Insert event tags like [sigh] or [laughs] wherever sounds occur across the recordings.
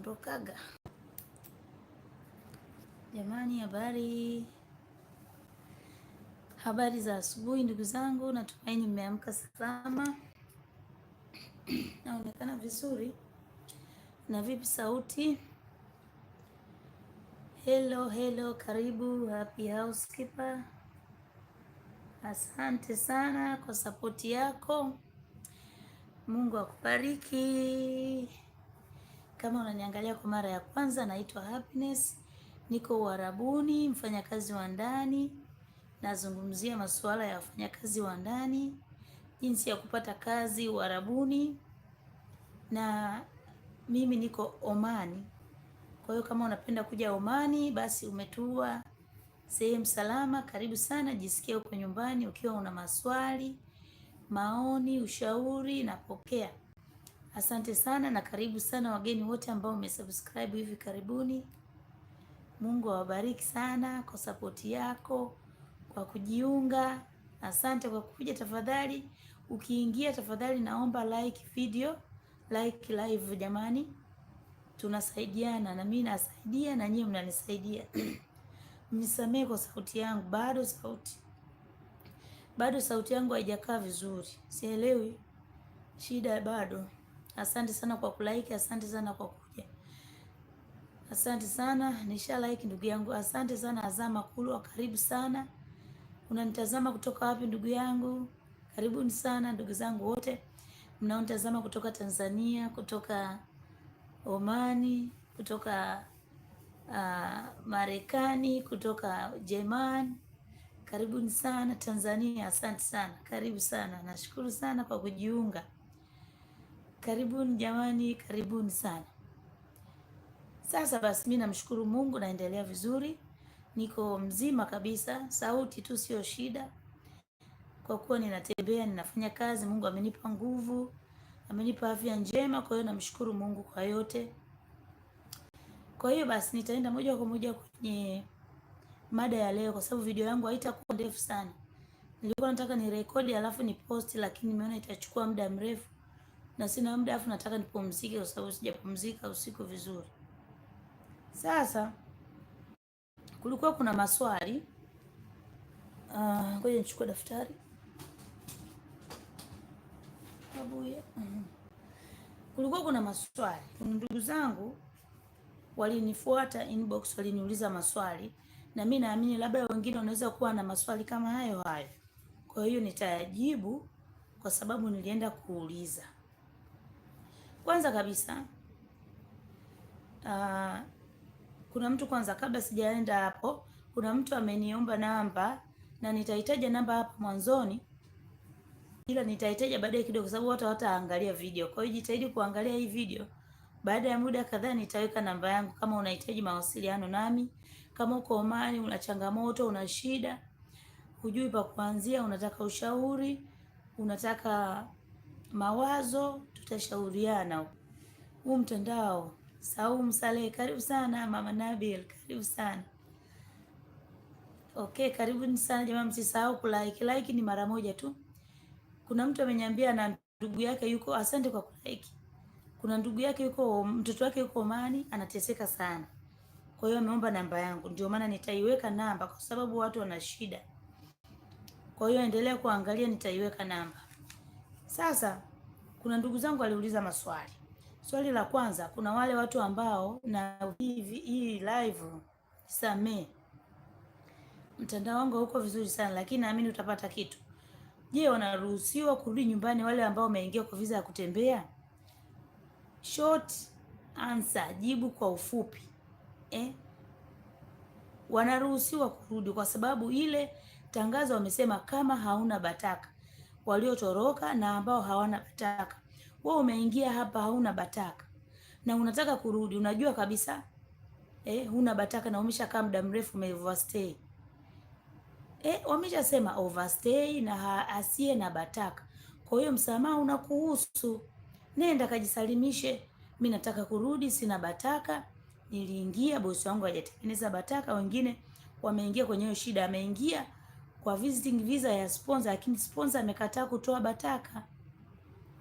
anaondokaga. Jamani, habari habari za asubuhi ndugu zangu, natumaini mmeamka salama. Naonekana vizuri na vipi sauti? Hello, hello, karibu Happy Housekeeper. Asante sana kwa sapoti yako. Mungu akubariki. Kama unaniangalia kwa mara ya kwanza, naitwa Happiness, niko Uarabuni, mfanyakazi wa ndani. Nazungumzia masuala ya wafanyakazi wa ndani, jinsi ya kupata kazi Uarabuni, na mimi niko Omani. Kwa hiyo kama unapenda kuja Omani, basi umetua sehemu salama. Karibu sana, jisikie uko nyumbani. Ukiwa una maswali, maoni, ushauri napokea. Asante sana na karibu sana wageni wote ambao umesubscribe hivi karibuni. Mungu awabariki sana kwa sapoti yako, kwa kujiunga. Asante kwa kuja. Tafadhali ukiingia, tafadhali naomba like video, like live. Jamani, tunasaidiana na mimi nasaidia na nyinyi mnanisaidia. [clears throat] Mnisamee kwa sauti yangu, bado sauti bado sauti yangu haijakaa vizuri, sielewi shida bado. Asante sana kwa kulaiki asante sana kwa kuja. Asante sana, nisha laiki ndugu yangu. Asante sana Azama makulwa karibu sana. Unanitazama kutoka wapi ndugu yangu? Karibuni sana ndugu zangu wote mnaonitazama kutoka Tanzania, kutoka Omani, kutoka uh, Marekani, kutoka jerman Karibuni sana Tanzania, asante sana, karibu sana. Nashukuru sana kwa kujiunga. Karibuni jamani, karibuni sana. Sasa basi, mimi namshukuru Mungu, naendelea vizuri, niko mzima kabisa, sauti tu sio shida, kwa kuwa ninatembea, ninafanya kazi. Mungu amenipa nguvu, amenipa afya njema, kwa hiyo namshukuru Mungu kwa yote. Kwa hiyo basi, nitaenda moja kwa moja kwenye mada ya leo, kwa sababu video yangu haitakuwa ndefu sana. Nilikuwa nataka nirekodi alafu ni posti, lakini nimeona itachukua muda mrefu na sina muda, afu nataka nipumzike kwa sababu sijapumzika usiku vizuri. Sasa kulikuwa kuna maswali ah, ngoja, uh, nichukue daftari abuye. Mhm. Kulikuwa kuna maswali, kuna ndugu zangu walinifuata inbox, waliniuliza maswali, na mimi naamini labda wengine wanaweza kuwa na maswali kama hayo hayo, kwa hiyo nitayajibu kwa sababu nilienda kuuliza. Kwanza kabisa uh, kuna mtu kwanza, kabla sijaenda hapo, kuna mtu ameniomba namba na nitahitaja namba hapo mwanzoni, ila nitahitaja baadaye kidogo, kwa sababu watu hawataangalia video. Kwa hiyo jitahidi kuangalia hii video, baada ya muda kadhaa nitaweka namba yangu, kama unahitaji mawasiliano nami, kama uko Omani, una changamoto, una shida, hujui pa kuanzia, unataka ushauri, unataka mawazo, tutashauriana. Huu mtandao Saumu Saleh, karibu sana mama Nabil, karibu sana okay, karibuni sana jamaa, msisahau kulike. Like ni mara moja tu. Kuna mtu amenyambia na ndugu yake yuko, asante kwa kulike. Kuna ndugu yake yuko, mtoto wake yuko Omani anateseka sana, kwa hiyo ameomba namba yangu, ndio maana nitaiweka namba, kwa sababu watu wana shida. Kwa hiyo endelea kuangalia, nitaiweka namba. Sasa kuna ndugu zangu waliuliza maswali. Swali la kwanza, kuna wale watu ambao na hii live same mtandao wangu hauko vizuri sana, lakini naamini utapata kitu. Je, wanaruhusiwa kurudi nyumbani wale ambao wameingia kwa visa ya kutembea? Short answer, jibu kwa ufupi eh? Wanaruhusiwa kurudi kwa sababu ile tangazo wamesema kama hauna bataka waliotoroka na ambao hawana bataka. Wewe umeingia hapa hauna bataka na unataka kurudi, unajua kabisa eh, huna bataka na umeshakaa muda mrefu ume overstay. Eh, wameshasema overstay na asiye na bataka. Kwa hiyo msamaha unakuhusu, nenda kajisalimishe. Mimi nataka kurudi, sina bataka, niliingia bosi wangu hajatengeneza bataka, wengine wameingia kwenye hiyo shida, ameingia kwa visiting visa ya sponsor, lakini sponsor amekataa kutoa bataka.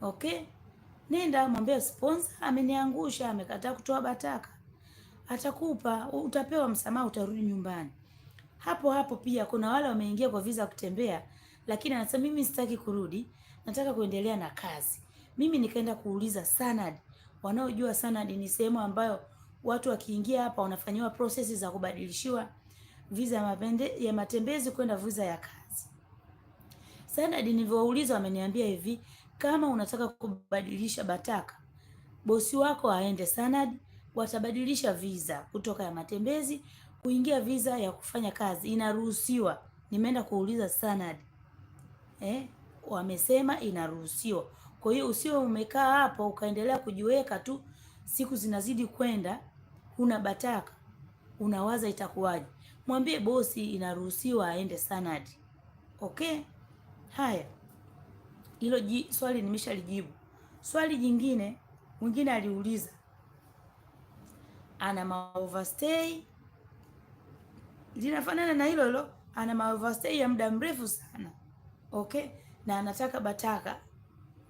Okay, nenda mwambie sponsor ameniangusha, amekataa kutoa bataka, atakupa, utapewa msamaha, utarudi nyumbani. Hapo hapo pia kuna wale wameingia kwa visa kutembea, lakini anasema mimi sitaki kurudi, nataka kuendelea na kazi. Mimi nikaenda kuuliza Sanad, wanaojua Sanad ni sehemu ambayo watu wakiingia hapa wanafanyiwa prosesi za kubadilishiwa visa ya, mapende, ya matembezi kwenda visa ya kazi. Sasa nilivyoulizwa ameniambia hivi, kama unataka kubadilisha bataka bosi wako aende Sanad, watabadilisha visa kutoka ya matembezi kuingia visa ya kufanya kazi, inaruhusiwa. Nimeenda kuuliza Sanad eh, wamesema inaruhusiwa. Kwa hiyo usiwe umekaa hapo ukaendelea kujiweka tu, siku zinazidi kwenda, huna bataka, unawaza itakuwaje mwambie bosi inaruhusiwa aende Sanad. Okay, haya, hilo swali nimeshalijibu. Swali jingine mwingine aliuliza ana maoverstay, linafanana na hilo hilo, ana maoverstay ya muda mrefu sana. Okay, na anataka bataka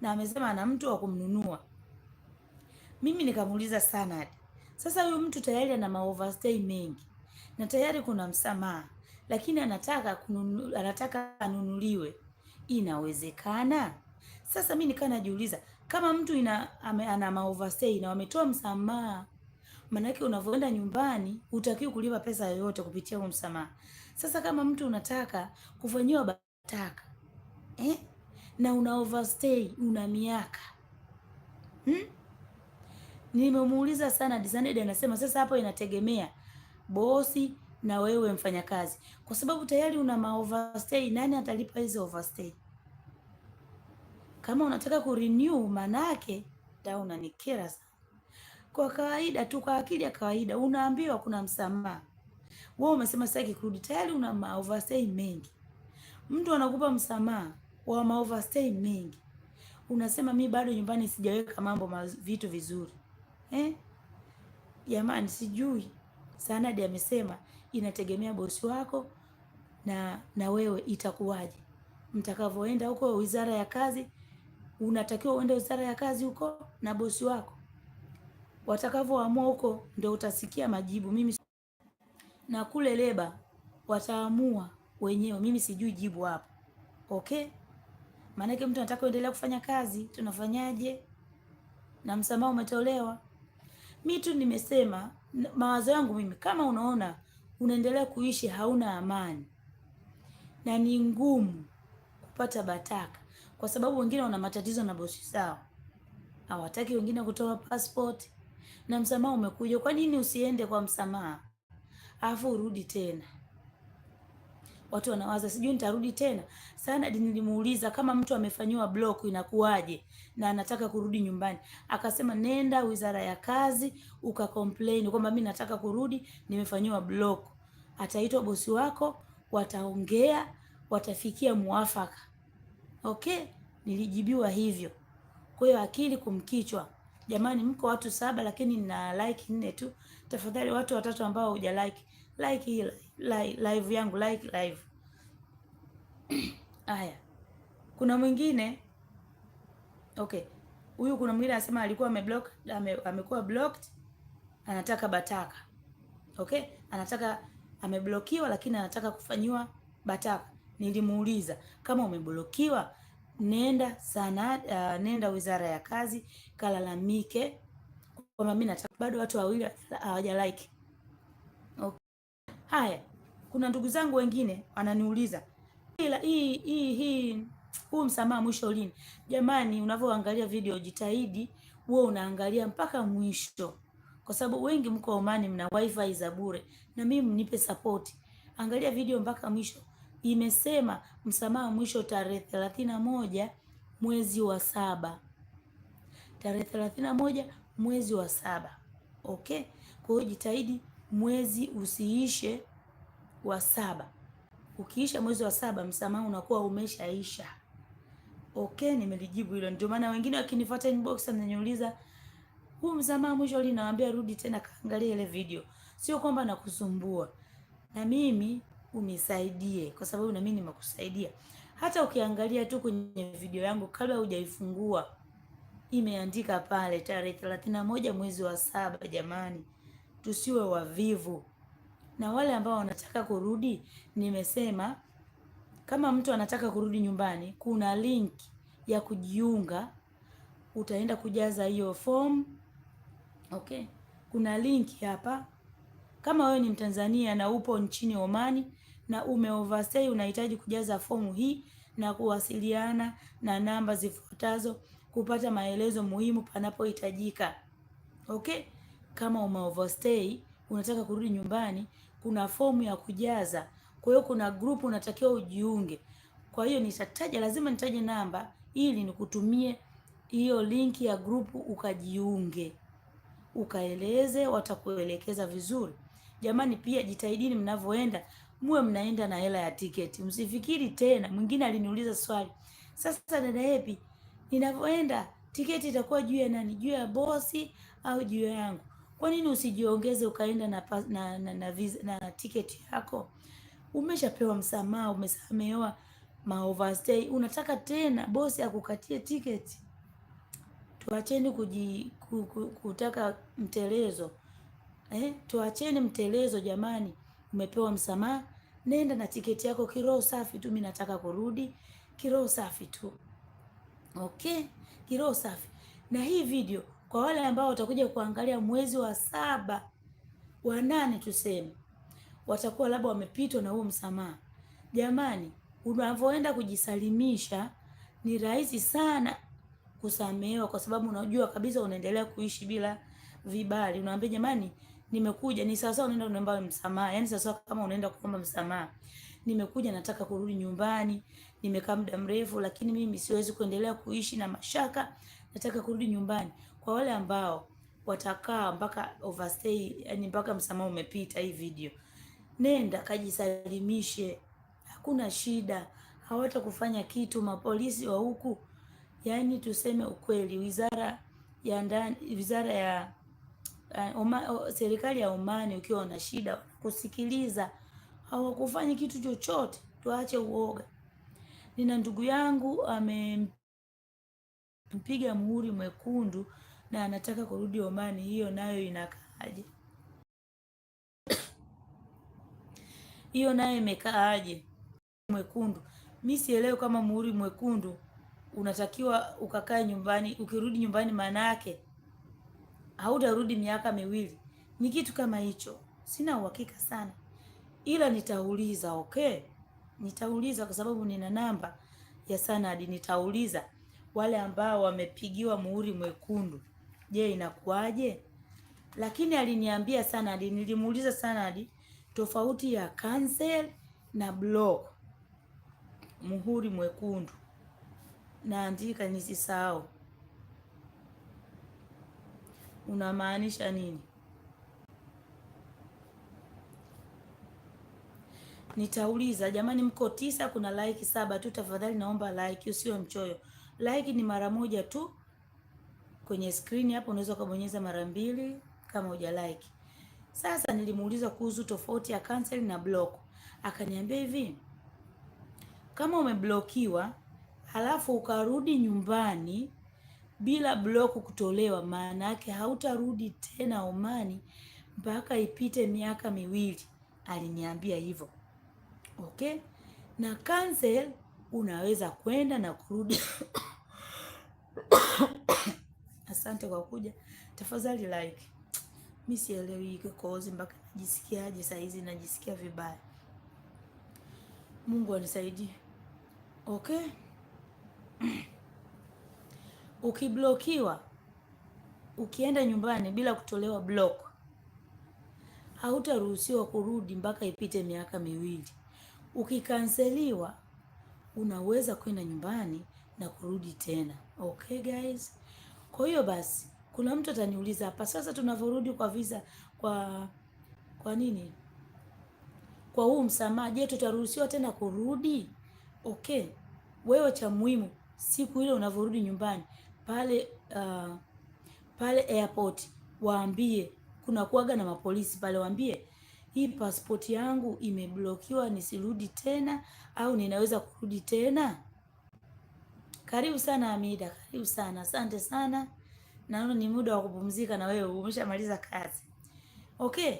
na amesema ana mtu wa kumnunua. Mimi nikamuuliza Sanad, Sasa huyu mtu tayari ana maoverstay mengi na tayari kuna msamaha, lakini anataka kununu, anataka anunuliwe. Inawezekana? Sasa mi nikaa najiuliza kama mtu ina, ame, ana maoversay na wametoa msamaha, maanake unavyoenda nyumbani utakiwa kulipa pesa yoyote kupitia huo msamaha. Sasa kama mtu unataka kufanyiwa bataka eh? na una overstay una miaka hmm? Nimemuuliza sana Disanedi, anasema sasa hapo inategemea bosi na wewe mfanyakazi, kwa sababu tayari una maoverstay. Nani atalipa hizo overstay? Kama unataka kurenew, maana yake da, unanikera sana. Kwa kawaida tu, kwa akili ya kawaida unaambiwa kuna msamaha, wewe umesema sitaki kurudi, tayari una maoverstay mengi. Mtu anakupa msamaha wa maoverstay mengi, unasema mi bado nyumbani sijaweka mambo vitu vizuri eh? Jamani, sijui Sanadi amesema inategemea bosi wako na, na wewe itakuwaje mtakavyoenda huko wizara ya kazi. Unatakiwa uende wizara ya kazi huko na bosi wako, watakavyoamua huko ndio utasikia majibu. Mimi na kule leba wataamua wenyewe, mimi sijui jibu hapo. Okay, maanake mtu anataka kuendelea kufanya kazi, tunafanyaje? Na msamaha umetolewa, mi tu nimesema mawazo yangu mimi, kama unaona unaendelea kuishi hauna amani na ni ngumu kupata bataka, kwa sababu wengine wana matatizo na bosi zao, hawataki wengine kutoa passport na msamaha umekuja. Kwa nini usiende kwa msamaha afu urudi tena? watu wanawaza sijui nitarudi tena. Sanad nilimuuliza kama mtu amefanyiwa block inakuwaje na anataka kurudi nyumbani, akasema nenda wizara ya kazi uka complain kwamba mimi nataka kurudi, nimefanyiwa block. Ataitwa bosi wako, wataongea, watafikia muafaka. Okay, nilijibiwa hivyo. Kwa hiyo akili kumkichwa Jamani, mko watu saba lakini nina like nne tu. Tafadhali watu watatu ambao hujalike, like hii live yangu, like live. Haya, [clears throat] kuna mwingine okay, huyu kuna mwingine anasema alikuwa ameblock, ame, amekuwa blocked, anataka bataka. Okay, anataka ameblokiwa, lakini anataka kufanyiwa bataka. Nilimuuliza kama umeblokiwa nenda sana, uh, nenda Wizara ya Kazi kalalamike kwamba mimi nataka, bado watu wawili hawaja like Haya, kuna ndugu zangu wengine wananiuliza ila hii hii hii huu msamaha mwisho lini? Jamani, unavyoangalia video jitahidi wewe unaangalia mpaka mwisho, kwa sababu wengi mko Omani, mna wifi za bure, na mimi mnipe support. Angalia video mpaka mwisho. Imesema msamaha mwisho tarehe thelathini na moja mwezi wa saba, tarehe thelathini na moja mwezi wa saba. Okay, kwa hiyo jitahidi mwezi usiishe wa saba. Ukiisha mwezi wa saba, msamaha unakuwa umeshaisha. Okay, nimelijibu hilo. Ndio maana wengine wakinifuata inbox ananiuliza huu msamaha mwisho lini, nawaambia rudi tena kaangalia ile video. Sio kwamba nakusumbua, na mimi unisaidie, kwa sababu na mimi nimekusaidia. Hata ukiangalia tu kwenye video yangu kabla hujaifungua, imeandika pale tarehe 31 mwezi wa saba. Jamani tusiwe wavivu. Na wale ambao wanataka kurudi, nimesema kama mtu anataka kurudi nyumbani, kuna link ya kujiunga, utaenda kujaza hiyo form. Okay, kuna link hapa. Kama wewe ni Mtanzania na upo nchini Omani na umeoverstay, unahitaji kujaza fomu hii na kuwasiliana na namba zifuatazo kupata maelezo muhimu panapohitajika. Okay? kama ume overstay unataka kurudi nyumbani, kuna fomu ya kujaza. Kwa hiyo kuna group unatakiwa ujiunge. Kwa hiyo nitataja, lazima nitaje namba ili nikutumie hiyo linki ya grupu ukajiunge, ukaeleze, watakuelekeza vizuri. Jamani, pia jitahidini mnavyoenda muwe mnaenda na hela ya tiketi, msifikiri tena. Mwingine aliniuliza swali, sasa dada Hepi, ninavyoenda tiketi itakuwa juu ya nani? Juu ya bosi au juu yangu? Kwa nini usijiongeze ukaenda na, na, na, na, na tiketi yako? Umeshapewa msamaha, umesamehewa maoverstay, unataka tena bosi akukatie tiketi? Tuacheni kuji, ku, ku, kutaka mtelezo eh? Tuacheni mtelezo jamani. Umepewa msamaha, nenda na tiketi yako kiroho safi tu. Mimi nataka kurudi kiroho safi tu, okay, kiroho safi. Na hii video kwa wale ambao watakuja kuangalia mwezi wa saba wa nane, tuseme watakuwa labda wamepitwa na huo msamaha. Jamani, unavyoenda kujisalimisha ni rahisi sana kusamehewa, kwa sababu unajua kabisa unaendelea kuishi bila vibali. Unaambia jamani, nimekuja ni sawasawa, unaenda unaomba msamaha, yani sawasawa kama unaenda kuomba msamaha nimekuja nataka kurudi nyumbani, nimekaa muda mrefu, lakini mimi siwezi kuendelea kuishi na mashaka, nataka kurudi nyumbani. Kwa wale ambao watakaa mpaka overstay, yani mpaka msamaha umepita hii video, nenda kajisalimishe, hakuna shida, hawatakufanya kitu. Mapolisi wa huku, yani tuseme ukweli, wizara ya ndani, wizara ya Um, serikali ya Omani, ukiwa una shida kusikiliza, hawakufanyi kitu chochote. Tuache uoga. Nina ndugu yangu amempiga muhuri mwekundu na anataka kurudi Omani, hiyo nayo inakaaje? hiyo nayo imekaaje? Mwekundu mi sielewi kama muhuri mwekundu unatakiwa ukakae nyumbani, ukirudi nyumbani maana yake hautarudi miaka miwili, ni kitu kama hicho. Sina uhakika sana, ila nitauliza. Okay, nitauliza kwa sababu nina namba ya Sanadi. Nitauliza wale ambao wamepigiwa muhuri mwekundu je, inakuwaje? Lakini aliniambia sana, nilimuuliza sana hadi tofauti ya cancel na block, muhuri mwekundu naandika, nisisahau unamaanisha nini. Nitauliza jamani, mko tisa, kuna like saba tu, tafadhali naomba like, usio mchoyo. Like ni mara moja tu kwenye screen hapo unaweza ukabonyeza mara mbili kama uja like. Sasa nilimuuliza kuhusu tofauti ya cancel na block, akaniambia hivi, kama umeblokiwa halafu ukarudi nyumbani bila block kutolewa, maana yake hautarudi tena Omani mpaka ipite miaka miwili. Aliniambia hivyo okay. Na cancel unaweza kwenda na kurudi Asante kwa kuja, tafadhali like. Mimi sielewi hii kikohozi mpaka najisikiaje saa hizi, najisikia vibaya. Mungu anisaidie. Okay, [clears throat] ukiblokiwa ukienda nyumbani bila kutolewa block, hautaruhusiwa kurudi mpaka ipite miaka miwili. Ukikanseliwa unaweza kwenda nyumbani na kurudi tena. Okay guys. Kwa hiyo basi kuna mtu ataniuliza hapa sasa, tunavyorudi kwa visa kwa kwa nini kwa huu msamaha, je, tutaruhusiwa tena kurudi? Okay, wewe cha muhimu siku ile unavyorudi nyumbani pale uh, pale airport waambie, kuna kuaga na mapolisi pale, waambie hii pasipoti yangu imeblokiwa, nisirudi tena au ninaweza kurudi tena? Karibu sana Amida, karibu sana, asante sana. Naona ni muda wa kupumzika na wewe umeshamaliza kazi. Okay,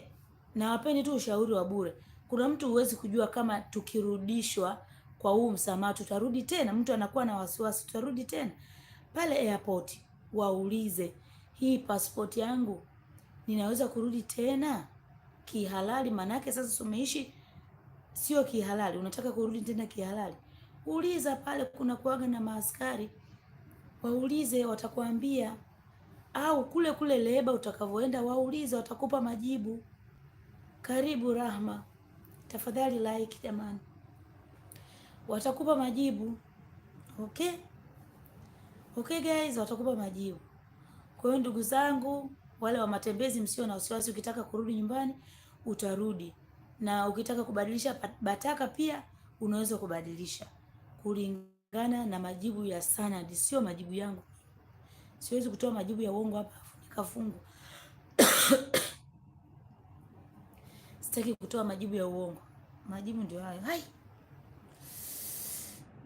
nawapeni tu ushauri wa bure. Kuna mtu huwezi kujua kama tukirudishwa kwa huu msamaha tutarudi tena. Mtu anakuwa na wasiwasi, tutarudi tena pale airport, waulize hii passport yangu ninaweza kurudi tena kihalali? Manake sasa umeishi sio kihalali, unataka kurudi tena kihalali uliza pale, kuna kuaga na maaskari, waulize watakwambia, au kule kule leba utakavyoenda, waulize watakupa majibu. Karibu Rahma, tafadhali like jamani, watakupa majibu. Okay, okay guys, watakupa majibu. Kwa hiyo ndugu zangu, wale wa matembezi, msio na wasiwasi. Ukitaka kurudi nyumbani utarudi, na ukitaka kubadilisha bataka pia unaweza kubadilisha kulingana na majibu ya sanadi, sio majibu yangu. Siwezi kutoa majibu ya uongo hapa nikafungwa. [coughs] Sitaki kutoa majibu ya uongo. Majibu ndio hayo. Hai.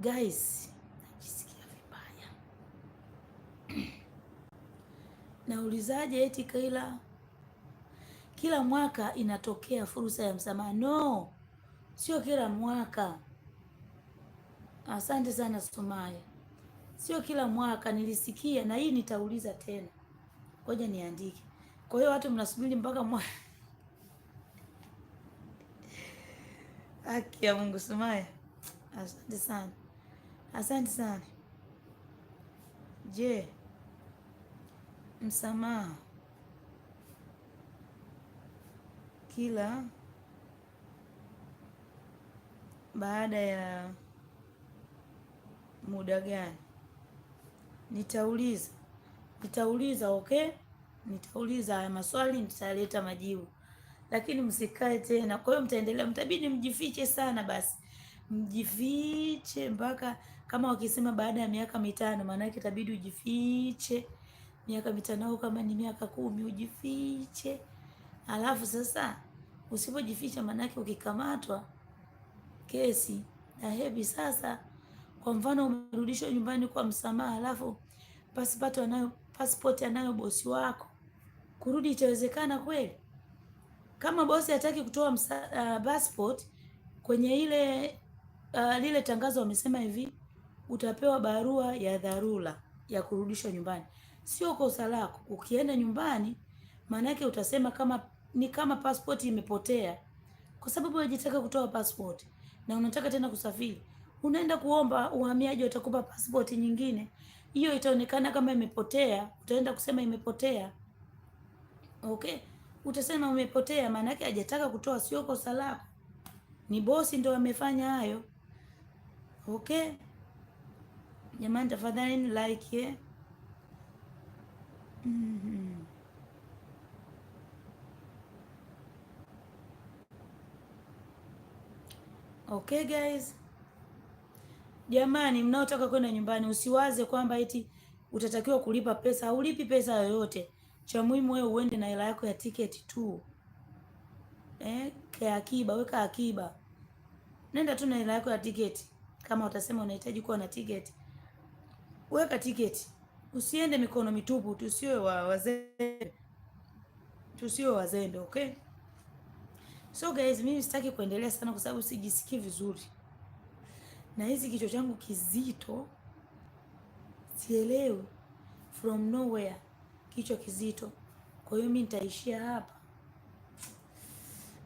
Guys, najisikia vibaya. [coughs] Naulizaje eti kila kila mwaka inatokea fursa ya msamaha? No. Sio kila mwaka. Asante sana Sumaya. Sio kila mwaka nilisikia, na hii nitauliza tena, ngoja niandike. Kwa hiyo watu mnasubiri mpaka mwaka? [laughs] Haki ya Mungu, Sumaya, asante sana, asante sana. Je, msamaha kila baada ya muda gani? Nitauliza, nitauliza okay, nitauliza haya maswali, nitaleta majibu, lakini msikae tena. Kwa hiyo mtaendelea, mtabidi mjifiche sana, basi mjifiche mpaka kama wakisema baada ya miaka mitano, maana yake itabidi ujifiche miaka mitano au kama ni miaka kumi ujifiche. Alafu sasa usipojificha, maana yake ukikamatwa kesi na hebi sasa kwa mfano, umerudishwa nyumbani kwa msamaha, alafu pasipoti anayo, pasipoti anayo bosi wako, kurudi itawezekana kweli? Kama bosi hataki kutoa uh, passport kwenye ile uh, lile tangazo wamesema hivi, utapewa barua ya dharura ya kurudishwa nyumbani. Sio kosa lako. Ukienda nyumbani, maanake utasema kama ni kama passport imepotea, kwa sababu unajitaka kutoa passport na unataka tena kusafiri unaenda kuomba uhamiaji, watakupa pasipoti nyingine, hiyo itaonekana kama imepotea. Utaenda kusema imepotea, okay, utasema umepotea, maana yake hajataka kutoa, sio kosa lako, ni bosi ndo amefanya hayo. Okay jamani, tafadhali ni like eh? mm -hmm. Okay guys Jamani, mnaotaka kwenda nyumbani, usiwaze kwamba eti utatakiwa kulipa pesa. Haulipi pesa yoyote, cha muhimu wewe uende na hela yako ya tiketi tu eh, kwa akiba. Weka akiba, nenda tu na hela yako ya tiketi. Kama utasema unahitaji kuwa na tiketi, weka tiketi, usiende mikono mitupu. Tusiwe wa wazembe, tusiwe wazembe. Okay, so guys, mimi sitaki kuendelea sana kwa sababu sijisikii vizuri na hizi kichwa changu kizito, sielewi from nowhere, kichwa kizito. Kwa hiyo mimi nitaishia hapa,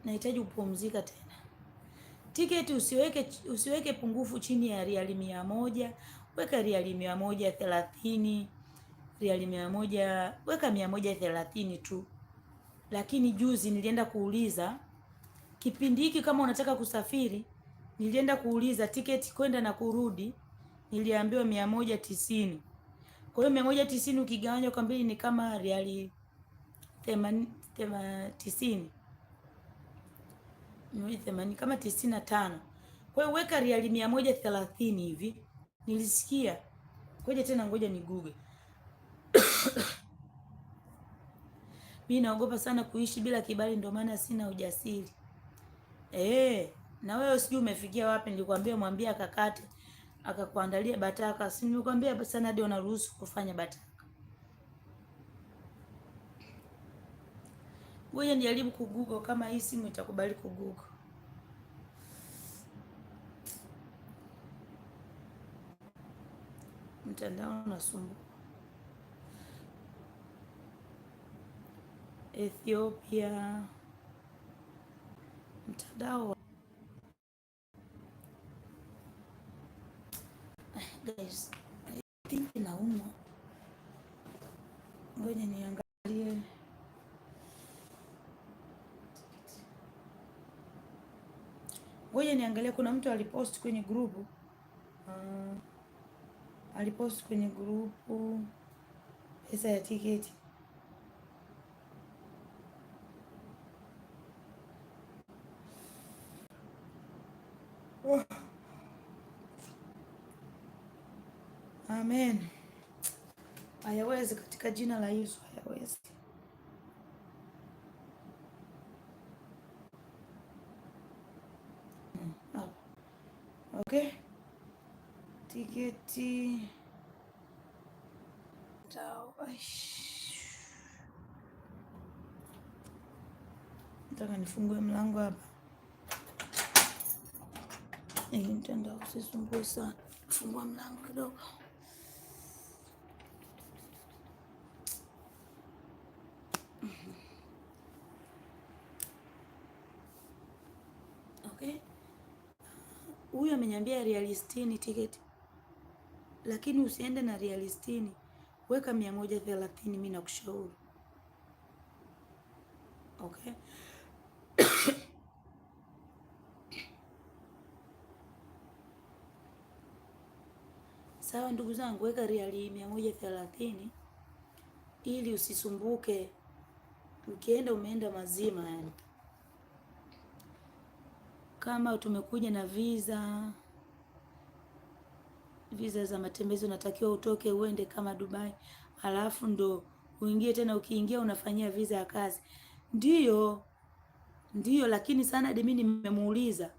nahitaji kupumzika tena. Tiketi usiweke, usiweke pungufu chini ya riali mia moja. Weka riali mia moja thelathini, riali mia moja weka mia moja thelathini tu. Lakini juzi nilienda kuuliza kipindi hiki, kama unataka kusafiri Nilienda kuuliza tiketi kwenda na kurudi, niliambiwa mia moja tisini. Kwa hiyo mia moja tisini ukigawanywa kwa mbili ni kama riali tisini kama tisini na tano. Kwa hiyo weka riali mia moja thelathini hivi nilisikia. Ngoja tena, ngoja ni Google. [coughs] Mi naogopa sana kuishi bila kibali, ndio maana sina ujasiri eh na wewe sijui umefikia wapi. Nilikwambia mwambie akakate akakuandalia bataka, si nilikwambia sana hadi unaruhusu kufanya bataka. Ngoja nijaribu kugugo kama hii simu itakubali kugugo. Mtandao unasumbua. Ethiopia mtandao Guys, I think nauma. Ngoja niangalie. Ngoja niangalie, kuna mtu alipost kwenye grupu uh, alipost kwenye grupu pesa ya tiketi katika jina la Yesu hayawezi. Mm, okay, tiketi taka nifungue mlango hapa, ili mtandao usisumbue sana. Fungua mlango kidogo. Aliniambia riali sitini tiketi, lakini usiende na riali sitini, weka mia moja thelathini mi nakushauri okay. [coughs] Sawa ndugu zangu, weka riali mia moja thelathini ili usisumbuke, ukienda umeenda mazima yani. Kama tumekuja na visa visa za matembezi unatakiwa utoke uende kama Dubai, alafu ndo uingie tena. Ukiingia unafanyia visa ya kazi. ndio ndio. lakini sana demi nimemuuliza,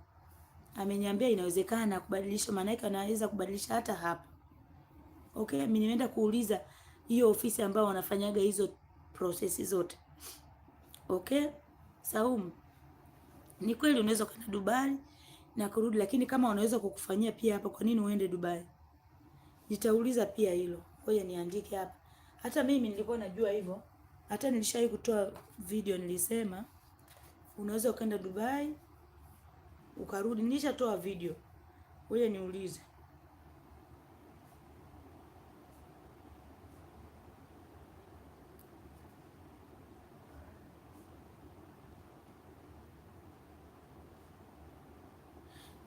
ameniambia inawezekana kubadilisha, maana yake anaweza kubadilisha hata hapa. Okay, mimi nimeenda kuuliza hiyo ofisi ambayo wanafanyaga hizo prosesi zote. Okay, Saumu, ni kweli unaweza kwenda Dubai na kurudi, lakini kama wanaweza kukufanyia pia hapa, kwa nini uende Dubai? Nitauliza pia hilo. Ngoja niandike hapa. Hata mimi nilikuwa najua hivyo. Hata nilishawahi kutoa video nilisema unaweza ukaenda Dubai ukarudi. Nilishatoa video. Ngoja niulize.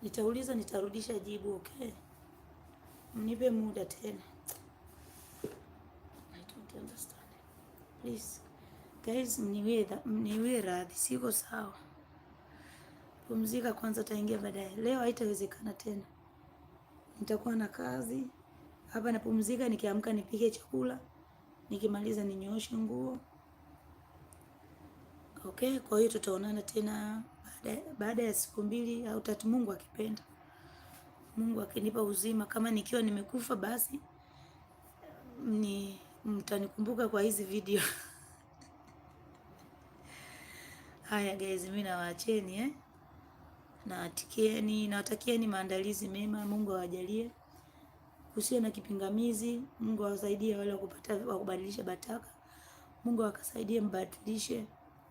Nitauliza, nitarudisha jibu, okay? Mnipe muda tena. I don't understand. Please. Guys, mniwe radhi, siko sawa. Pumzika kwanza, taingia baadaye. Leo haitawezekana tena, nitakuwa na kazi hapa. Napumzika, nikiamka nipike chakula, nikimaliza ninyooshe nguo. Okay, kwa hiyo tutaonana tena baada ya siku mbili au tatu, Mungu akipenda. Mungu akinipa uzima, kama nikiwa nimekufa, basi ni mtanikumbuka kwa hizi video [laughs] haya guys, mimi nawaacheni eh? Nawatikieni, nawatakieni maandalizi mema, Mungu awajalie usiwe na kipingamizi. Mungu awasaidie wale wakupata wakubadilisha bataka, Mungu akasaidie mbadilishe,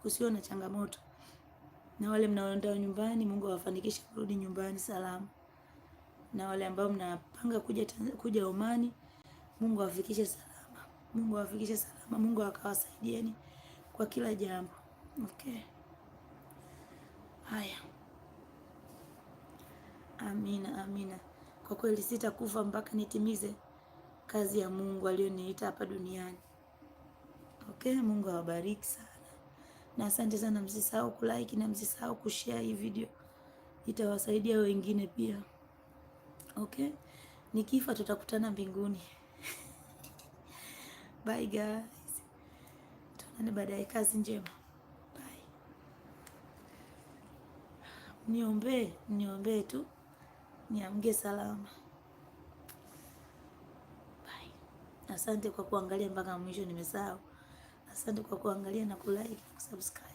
usiwe na changamoto, na wale mnaoenda nyumbani, Mungu awafanikishe kurudi nyumbani salama na wale ambao mnapanga kuja kuja Omani, Mungu awafikishe salama, Mungu awafikishe salama, Mungu akawasaidieni kwa kila jambo. Okay, haya, amina, amina. Kwa kweli sitakufa mpaka nitimize kazi ya Mungu aliyoniita hapa duniani. Okay, Mungu awabariki sana na asante sana. Msisahau kulike na msisahau kushare hii video, itawasaidia wengine pia. Okay, nikifa tutakutana mbinguni. [laughs] Bye guys, tuonane baadaye. Kazi njema. Bye, mniombee, mniombee tu niamge salama. Bye, asante kwa kuangalia mpaka mwisho. Nimesahau. Asante kwa kuangalia na kulike na kusubscribe.